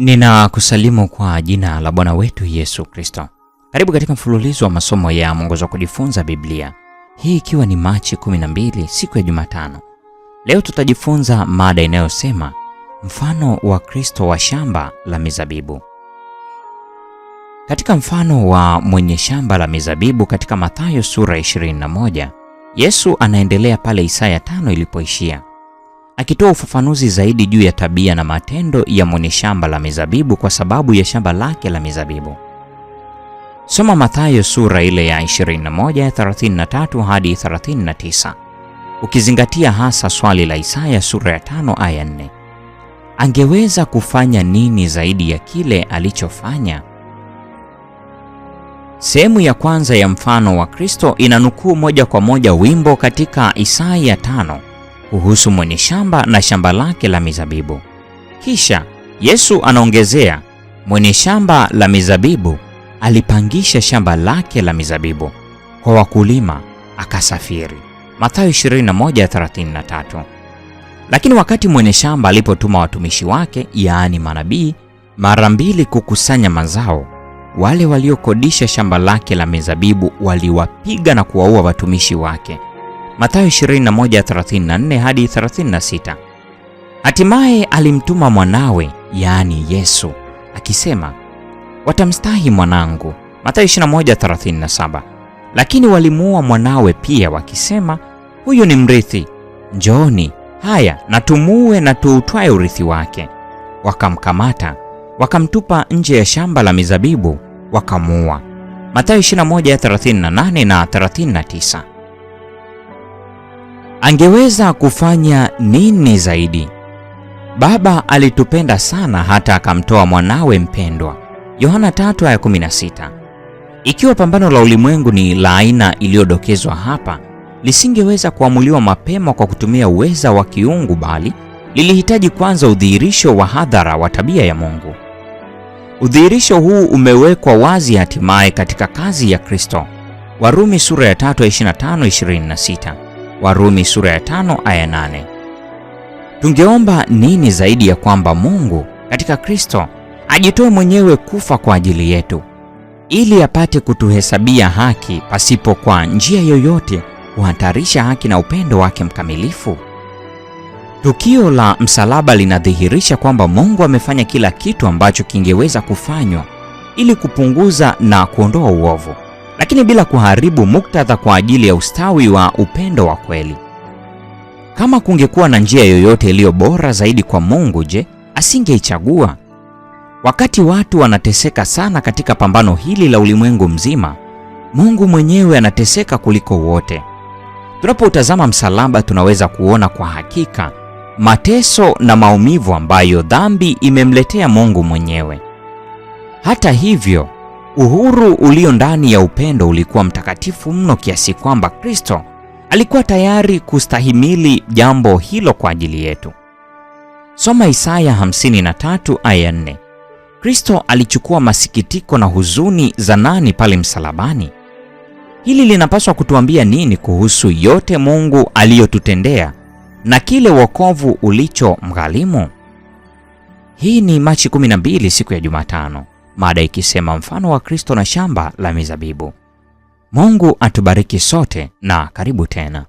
Ninakusalimu kwa jina la Bwana wetu Yesu Kristo. Karibu katika mfululizo wa masomo ya mwongozo wa kujifunza Biblia, hii ikiwa ni Machi 12 siku ya Jumatano. Leo tutajifunza mada inayosema mfano wa Kristo wa shamba la mizabibu. Katika mfano wa mwenye shamba la mizabibu katika Mathayo sura 21, Yesu anaendelea pale Isaya tano ilipoishia akitoa ufafanuzi zaidi juu ya tabia na matendo ya mwenye shamba la mizabibu kwa sababu ya shamba lake la mizabibu. Soma Mathayo sura ile ya 21, 33 hadi 39, ukizingatia hasa swali la Isaya sura ya 5 aya 4. Angeweza kufanya nini zaidi ya kile alichofanya? Sehemu ya kwanza ya mfano wa Kristo inanukuu moja kwa moja wimbo katika Isaya tano kuhusu mwenye shamba na shamba lake la mizabibu. Kisha Yesu anaongezea, mwenye shamba la mizabibu alipangisha shamba lake la mizabibu kwa wakulima akasafiri. Mathayo 21:33. Lakini wakati mwenye shamba alipotuma watumishi wake, yaani manabii, mara mbili kukusanya mazao, wale waliokodisha shamba lake la mizabibu waliwapiga na kuwaua watumishi wake Mathayo 21:34 hadi 36. Hatimaye alimtuma mwanawe, yaani Yesu, akisema, watamstahi mwanangu, Mathayo 21:37. Lakini walimuua mwanawe pia wakisema, huyu ni mrithi, njooni haya na tumuue na tuutwae urithi wake. Wakamkamata, wakamtupa nje ya shamba la mizabibu, wakamuua. Mathayo 21:38 na 39. Angeweza kufanya nini zaidi? Baba alitupenda sana hata akamtoa mwanawe mpendwa. Yohana 3:16. Ikiwa pambano la ulimwengu ni la aina iliyodokezwa hapa, lisingeweza kuamuliwa mapema kwa kutumia uweza wa kiungu, bali lilihitaji kwanza udhihirisho wa hadhara wa tabia ya Mungu. Udhihirisho huu umewekwa wazi hatimaye katika kazi ya Kristo. Warumi sura ya 3:25-26. Warumi sura ya tano aya nane. Tungeomba nini zaidi ya kwamba Mungu katika Kristo ajitoe mwenyewe kufa kwa ajili yetu ili apate kutuhesabia haki pasipo kwa njia yoyote kuhatarisha haki na upendo wake mkamilifu. Tukio la msalaba linadhihirisha kwamba Mungu amefanya kila kitu ambacho kingeweza kufanywa ili kupunguza na kuondoa uovu lakini bila kuharibu muktadha kwa ajili ya ustawi wa upendo wa kweli. Kama kungekuwa na njia yoyote iliyo bora zaidi kwa Mungu, je, asingeichagua? Wakati watu wanateseka sana katika pambano hili la ulimwengu mzima, Mungu mwenyewe anateseka kuliko wote. Tunapoutazama msalaba, tunaweza kuona kwa hakika mateso na maumivu ambayo dhambi imemletea Mungu mwenyewe. Hata hivyo, Uhuru ulio ndani ya upendo ulikuwa mtakatifu mno kiasi kwamba Kristo alikuwa tayari kustahimili jambo hilo kwa ajili yetu. Soma Isaya 53 aya 4. Kristo alichukua masikitiko na huzuni za nani pale msalabani? Hili linapaswa kutuambia nini kuhusu yote Mungu aliyotutendea na kile wokovu ulichomgharimu? Hii ni Machi 12 siku ya Jumatano mada ikisema mfano wa Kristo na shamba la mizabibu. Mungu atubariki sote na karibu tena.